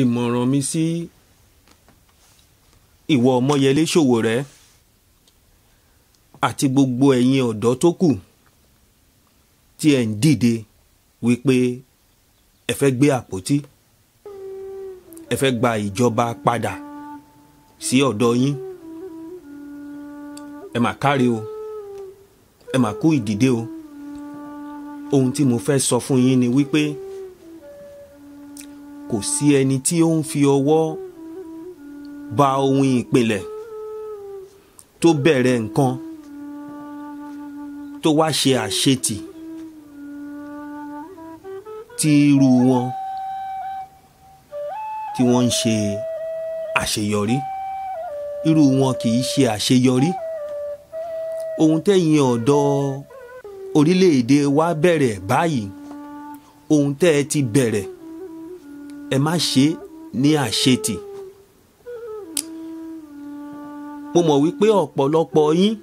ìmọ̀ràn mi sí ìwọ ọmọyẹlé Ṣòwòrẹ́ àti gbogbo ẹ̀yin ọ̀dọ́ tó kù tí ẹ̀ ń dìde wípé ẹ fẹ́ gbé àpótí ẹ fẹ́ gba ìjọba padà sí ọ̀dọ̀ yín ẹ mà káre o ẹ mà kú ìdìde o ohun tí mo fẹ́ sọ fún yín ni wípé kò sí ẹni tí ó ń fi ọwọ́ ba ohun ìpìlẹ̀ tó bẹ̀rẹ̀ nǹkan tó wá ṣe àṣetì tí irú wọn tí wọ́n ń ṣe àṣeyọrí irú wọn kì í ṣe àṣeyọrí ohun tẹ̀yin ọ̀dọ́ orílẹ̀-èdè wa bẹ̀rẹ̀ báyìí ohun tẹ́ ẹ ti bẹ̀rẹ̀ ẹ má ṣe ní àṣetì mo mọ̀ wípé ọ̀pọ̀lọpọ̀ yín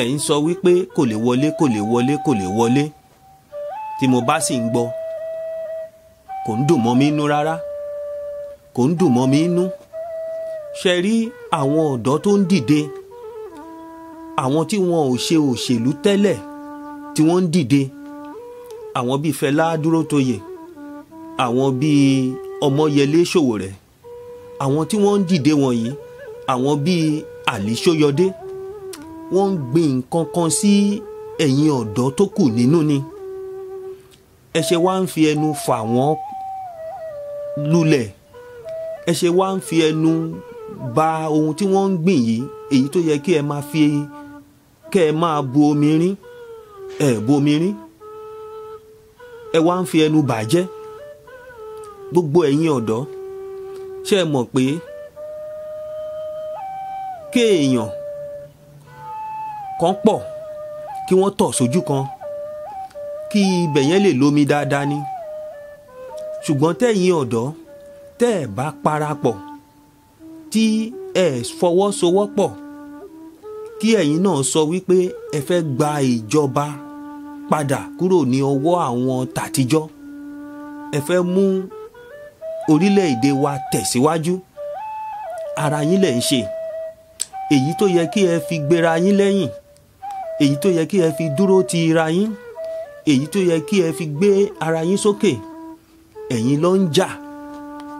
ẹ̀ ń sọ wípé kò lè wọlé kò lè wọlé kò lè wọlé tí mo bá sì ń gbọ́ kò ń dùn mọ́ mi inú rárá kò ń dùn mọ́ mi inú ṣe rí àwọn ọ̀dọ́ tó ń dìde àwọn tí wọn ò ṣe òṣèlú tẹ́lẹ̀ tí wọ́n ń dìde àwọn bíi Fẹlá Dúrótoyè àwọn bíi ọmọyẹlé ṣòwòrẹ́ àwọn tí wọ́n ń dìde wọ̀nyí àwọn bíi àlìṣóyọdé wọ́n ń gbin nǹkan kan sí ẹ̀yìn ọ̀dọ́ tó kù nínú ni ẹ ṣe wá ń fi ẹnu fà wọ́n lulẹ̀ ẹ ṣe wá ń fi ẹnu ba ohun tí wọ́n ń gbìn yìí èyí tó yẹ kí ẹ máa fi kẹ́ ẹ máa bu omi rín ẹ bu omi rín ẹ wá ń fi ẹnu bàjẹ́ gbogbo ẹ̀yin ọ̀dọ́ ṣe é mọ̀ pé kéèyàn kan pọ̀ kí wọ́n tọ̀ sójú kan kí ibẹ̀ yẹn lè lómi dáadáa ni ṣùgbọ́n tẹ̀yin ọ̀dọ́ tẹ́ ẹ̀ bá parapọ̀ tí ẹ̀ fọwọ́sowọ́pọ̀ kí ẹ̀yin náà sọ wípé ẹ fẹ́ gba ìjọba padà kúrò ní ọwọ́ àwọn tàtijọ́ ẹ fẹ́ mú orílẹ̀-èdè wa tẹ̀síwájú ara yín lẹ̀ ń ṣe èyí tó yẹ kí ẹ fi gbéra yín lẹ́yìn èyí tó yẹ kí ẹ fi dúró ti ra yín èyí tó yẹ kí ẹ fi gbé ara yín sókè ẹ̀yin ló ń jà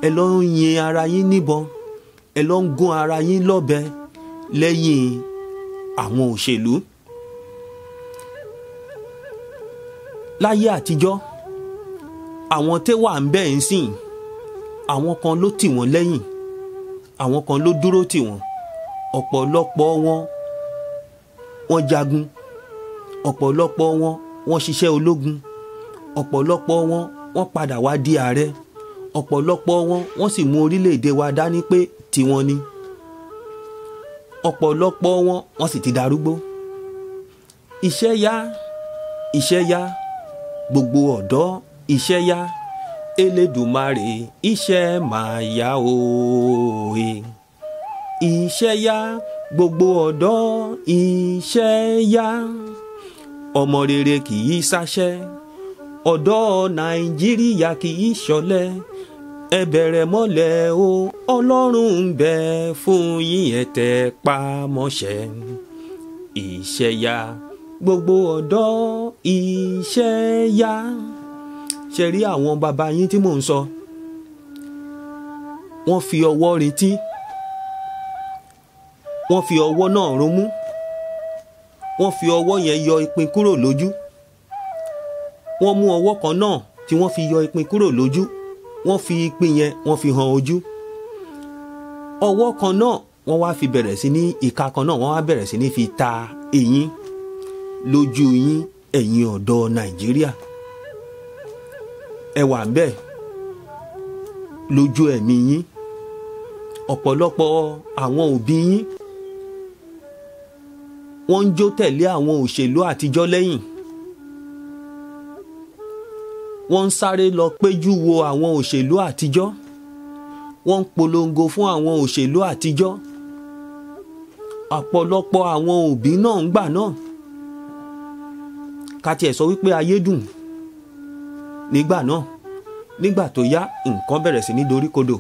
ẹ ló ń yin ara yín níbọn ẹ ló ń gún ara yín lọ́bẹ lẹ́yìn àwọn òṣèlú. láyé àtijọ́ àwọn tẹ́wà ń bẹ̀ ń sìn àwọn kan ló tì wọ́n lẹ́yìn àwọn kan ló dúró tì wọ́n ọ̀pọ̀lọpọ̀ wọn wọ́n jagun ọ̀pọ̀lọpọ̀ wọn wọ́n ṣiṣẹ́ ológun ọ̀pọ̀lọpọ̀ wọn wọ́n padà wá di ààrẹ ọ̀pọ̀lọpọ̀ wọn wọ́n sì mú orílẹ̀-èdè wa dání pé tiwọn ni ọ̀pọ̀lọpọ̀ wọn wọ́n sì ti darúgbó iṣẹ́ yá iṣẹ́ yá gbogbo ọ̀dọ́ iṣẹ́ yá Elédùmarè iṣẹ́ máa yá ooo iṣẹ́ yá gbogbo ọ̀dọ́ iṣẹ́ yá ọmọ rere kì í ṣaṣẹ́ ọ̀dọ́ Nàìjíríà kì í ṣọ̀lẹ ẹ bẹ̀rẹ̀ mọ́lẹ̀ o Ọlọ́run ń bẹ fún yín ẹ tẹ́ pa mọ́ṣẹ́ iṣẹ́ yá gbogbo ọ̀dọ́ iṣẹ́ yá ṣe rí àwọn bàbá yín tí mò ń sọ wọ́n fi ọwọ́ retí wọ́n fi ọwọ́ náà romú wọ́n fi ọwọ́ yẹn yọ ìpín kúrò lójú wọ́n mú ọwọ́ kan náà tí wọ́n fi yọ ìpín kúrò lójú wọ́n fi ìpín yẹn wọ́n fi hàn ojú ọwọ́ kan náà wọ́n wá fi bẹ̀rẹ̀ sí ní ìka kan náà wọ́n wá bẹ̀rẹ̀ sí ní fi ta eyín lójú yín ẹ̀yin ọ̀dọ́ Nàìjíríà ẹ wà ń bẹ̀ lójú ẹ̀mí yín ọ̀pọ̀lọpọ̀ àwọn òbí yín wọ́n ń jó tẹ̀lé àwọn òṣèlú àtijọ́ lẹ́yìn wọ́n ń sáré lọ péjú wo àwọn òṣèlú àtijọ́ wọ́n ń polongo fún àwọn òṣèlú àtijọ́ ọ̀pọ̀lọpọ̀ àwọn òbí náà ń gbà náà ká tiẹ̀ sọ wípé ayé dùn nígbà náà nígbà tó yá nǹkan bẹ̀rẹ̀ sí ní doríkodò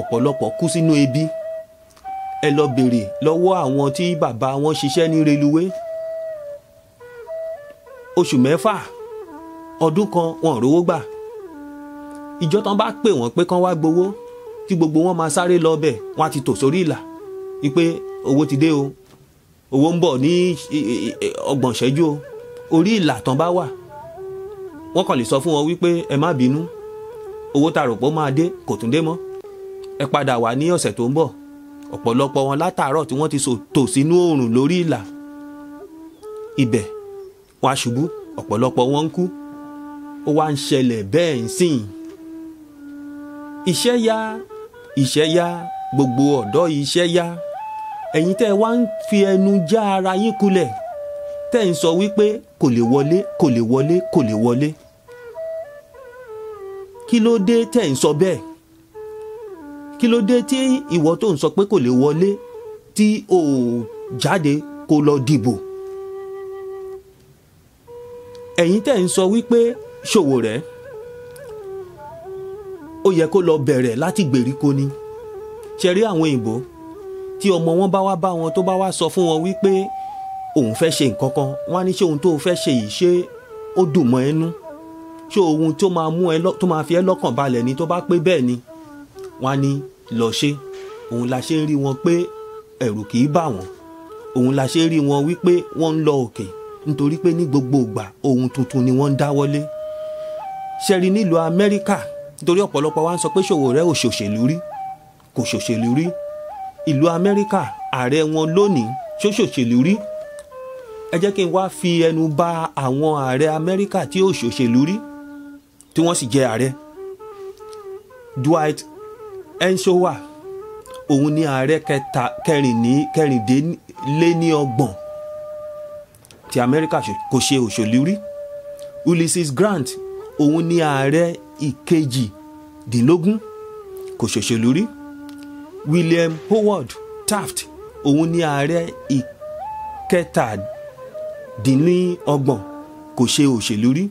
ọ̀pọ̀lọpọ̀ kú sínú ebi ẹ lọ bèrè lọ́wọ́ àwọn tí bàbá wọn ṣiṣẹ́ ní reluwé oṣù mẹ́fà ọdún kan wọn ò rówó gbà ìjọ tán bá pè wọ́n pé kán wá gbowó tí gbogbo wọn máa sáré lọ bẹ̀ wọ́n á ti tò sórí ìlà wípé owó ti dé o owó ń bọ̀ ní ọgbọ̀n ṣẹ́jú o orí ìlà tán bá wà wọ́n kàn lè sọ fún wọn wípé ẹ má bínú owó tá a rò pé ó máa dé kò tún dé mọ́ ẹ padà wá ní ọ̀sẹ̀ tó ń bọ̀ ọ̀pọ̀lọpọ̀ wọn látàárọ̀ tí wọ́n ti tò sínú oòrùn lórí ìlà ibẹ̀ wọn á ṣubú ọ̀pọ̀lọpọ̀ wọn ń kú ó wá ń ṣẹlẹ̀ bẹ́ẹ̀ ń sìn iṣẹ́ yá iṣẹ́ yá gbogbo ọ̀dọ́ iṣẹ́ yá ẹ̀yin tẹ́ ẹ wá ń fi ẹnu já ara yín kulẹ̀ tẹ́ ẹ ń sọ wípé kò lè wọlé kò lè wọlé kò lè wọlé kí ló dé tẹ̀ ń sọ bẹ́ẹ̀ kí ló dé tí ìwọ tó ń sọ pé kò lè wọlé tí o jáde kó lọ dìbò ẹ̀yin tẹ̀ ń sọ wípé Ṣòwòrẹ́ ó yẹ kó lọ bẹ̀rẹ̀ láti gbèríko ni ṣe rí àwọn òyìnbó tí ọmọ wọn bá wá bá wọn tó bá wá sọ fún wọn wípé òun fẹ́ ṣe nǹkan kan wọn á ní ṣé ohun tó fẹ́ ṣe yìí ṣé ó dùn mọ́ ẹnu. E ṣé ohun tó máa mú ẹ tó máa fi ẹ lọ́kàn balẹ̀ ni tó bá pé bẹ́ẹ̀ ni wọ́n á ní lọ ṣe òun la ṣe ń rí wọn pé ẹ̀rù kì í bà wọ́n òun la ṣe ń rí wọn wípé wọ́n ń lọ òkè nítorí pé ní gbogbo ìgbà ohun tuntun ni wọ́n ń dáwọ́lé ṣẹ́rí nílùú Amẹ́ríkà nítorí ọ̀pọ̀lọpọ̀ wa ń sọ pé Ṣòwòrẹ́ ò ṣòṣèlú rí kò ṣòṣèlú rí ìlú Amẹ́ríkà ààrẹ wọn lónìí ṣó ṣòṣèlú rí ẹ jẹ́ kí n wá fi ẹnu bà àwọn ààrẹ Amẹ́ríkà tí ò ṣòṣèlú rí tí wọ́n sì jẹ ààrẹ Dwight Eisenhower òun ni ààrẹ kẹta kẹrìndínlẹ́niọgbọ̀n ti Amẹ́ríkà kò ṣe òṣèlú rí Ulysses Grant òun ni ààrẹ ìkejìdínlógún kò ṣòṣèlú rí William Howard Taft òun ni ààrẹ ìkẹtàdínlọ́gbọ̀n kò ṣe òṣèlú rí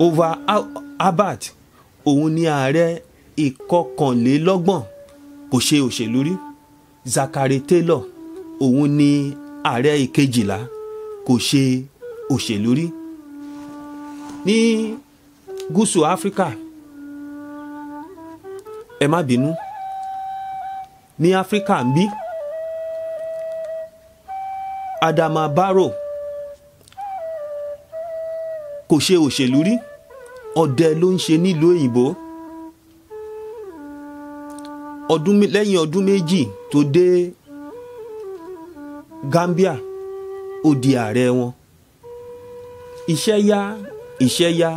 over Abbott òun ni ààrẹ ìkọkànlélọ́gbọ̀n kò ṣe òṣèlú rí Zachary Taylor òun ni ààrẹ ìkejìlá kò ṣe òṣèlú rí ní gúúsù Áfíríkà ẹ má bínú ní Áfíríkà ń bí Adama Barrow kò ṣe òṣèlú rí ọdẹ ló ń ṣe nílùú òyìnbó ọdún lẹ́yìn ọdún méjì tó dé Gambia ó di ààrẹ wọn iṣẹ́ yá iṣẹ́ yá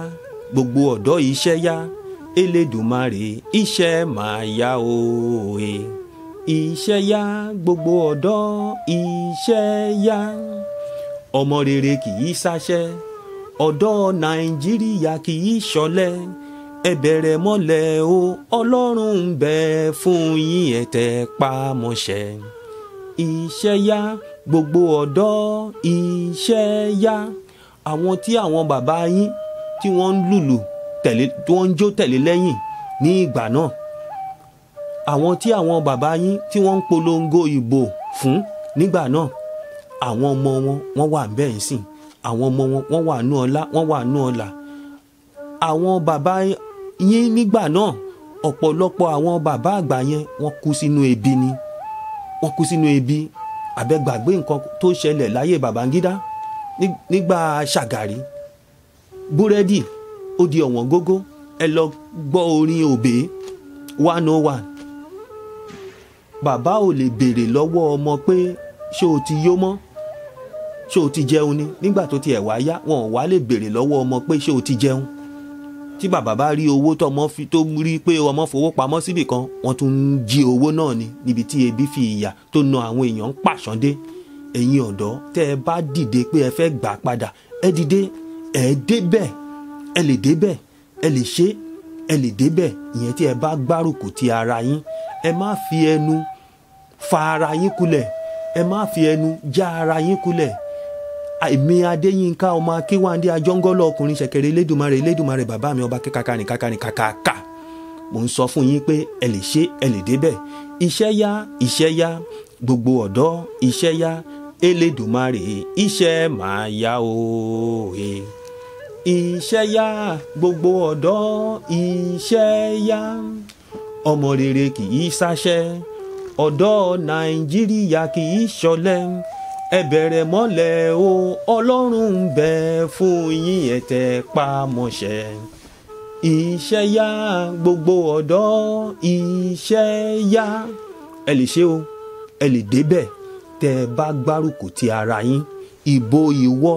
gbogbo ọ̀dọ́ iṣẹ́ yá elédùnmarè iṣẹ́ máa yá òòè iṣẹ́ yá gbogbo ọ̀dọ́ iṣẹ́ yá ọmọ rere kì í ṣaṣẹ́ ọ̀dọ́ nàìjíríà kì í ṣọ̀lẹ ẹ mọ́lẹ̀ o ọlọ́run ń bẹ fún yín ẹ tẹpá mọ́ṣẹ́ iṣẹ́ yá gbogbo ọ̀dọ́ iṣẹ́ yá àwọn tí àwọn bàbá yín tí wọ́n ń lùlù tẹ̀lé tí wọ́n ń jó tẹ̀lé lẹ́yìn ní ìgbà náà àwọn tí àwọn bàbá yín tí wọ́n ń polongo ìbò fún nígbà náà àwọn ọmọ wọn wọ́n wà ń bẹ́ẹ̀ sìn àwọn ọmọ wọn wọ́n wà nú ọlá wọ́n wà nú ọlà àwọn bàbá yín nígbà náà ọ̀pọ̀lọpọ̀ àwọn bàbá àgbà yẹn wọ́n kú sínú ebi ni wọ́n kú sínú ebi àbẹ̀gbàgbé nǹkan tó ṣẹlẹ̀ láyé Babangida nígbà Ṣàgàrí búrẹ́dì ó di ọ̀wọ́n gógó ẹ lọ gbọ́ orin òbé one oh one bàbá ò lè béèrè lọ́wọ́ ọmọ pé ṣé o ti yó mọ́ ṣé o ti jẹun ni nígbà tó ti ẹ̀ wá yá wọn ò wá lè béèrè lọ́wọ́ ọmọ pé ṣé o ti jẹun tí bàbá bá rí owó tọmọ fi tó rí pé ọmọ fowó pamọ́ síbì kan wọ́n tún ń jí owó náà ni níbi tí ebi fi ìyà tó na àwọn èèyàn ń pàṣán dé ẹ̀yin ọ̀dọ́ tẹ́ ẹ bá dìde pé ẹ fẹ́ gbà padà ẹ dìde ẹ débẹ̀ ẹ lè débẹ̀ ẹ lè ṣe ẹ lè débẹ̀ ìyẹn tí ẹ bá gbárùkù ti ara yín ẹ má fi ẹnu fa ara yín kulẹ̀ ẹ má fi ẹnu já ara yín kulẹ̀ èmi adéyínká ọmọ akéwàndé ajọ́ngọ́lọ́ ọkùnrin ṣẹ̀kẹ̀rẹ̀ elédùnmarè elédùnmarè bàbá mi ọba kíkàkàrìn kàkàrìn kàkàkà mo ń sọ fún yín pé ẹ lè ṣe ẹ lè débẹ̀ iṣẹ́ yá iṣẹ́ yá gbogbo ọ̀dọ́ iṣẹ́ yá elédùnmarè iṣẹ́ máa yá òòhe iṣẹ́ yá gbogbo ọ̀dọ́ iṣẹ́ yá ọmọ rere kì í ṣaṣẹ́ ọ̀dọ́ nàìjíríà kì í ṣọ̀lẹ ẹ bẹ̀rẹ̀ mọ́lẹ̀ o ọlọ́run ń bẹ fún yín ẹ tẹpá mọ́ṣẹ́ iṣẹ́ yá gbogbo ọ̀dọ́ iṣẹ́ yá ẹ lè ṣe o ẹ lè débẹ̀ tẹ ẹ bá gbárùkù ti ara yín ìbò ìwọ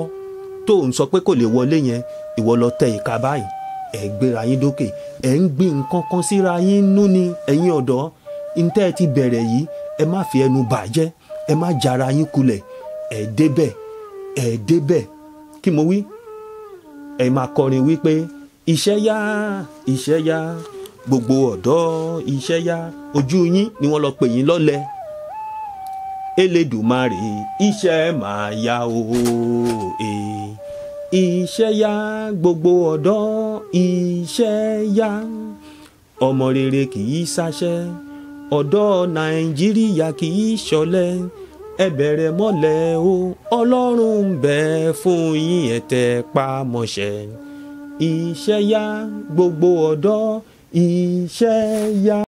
tó ń sọ pé kò lè wọlé yẹn ìwọ lọ tẹ ìka báyìí ẹ gbéra yín dókè ẹ ń gbin nǹkan kan síra yín nú ni ẹ̀yin ọ̀dọ́ ntẹ́ ti bẹ̀rẹ̀ yìí ẹ má fi ẹnu bàjẹ́ ẹ má jara yín kulẹ̀ ẹ débẹ̀ ẹ débẹ̀ kí mo wí ẹ máa kọrin wípé iṣẹ́ yá iṣẹ́ yá gbogbo ọ̀dọ́ iṣẹ́ yá ojú yín ni wọ́n lọ pè yín lọ́lẹ̀ elédùmarè iṣẹ́ máa yá o e iṣẹ́ yá gbogbo ọ̀dọ́ iṣẹ́ yá ọmọ rere kì í ṣaṣẹ́ ọ̀dọ́ nàìjíríà kì í ṣọ̀lẹ ẹ bẹ̀rẹ̀ mọ́lẹ̀ o ọlọ́run ń bẹ fún yín ẹ tẹpá mọ́ṣẹ́ iṣẹ́ yá gbogbo ọ̀dọ́ iṣẹ́ yá.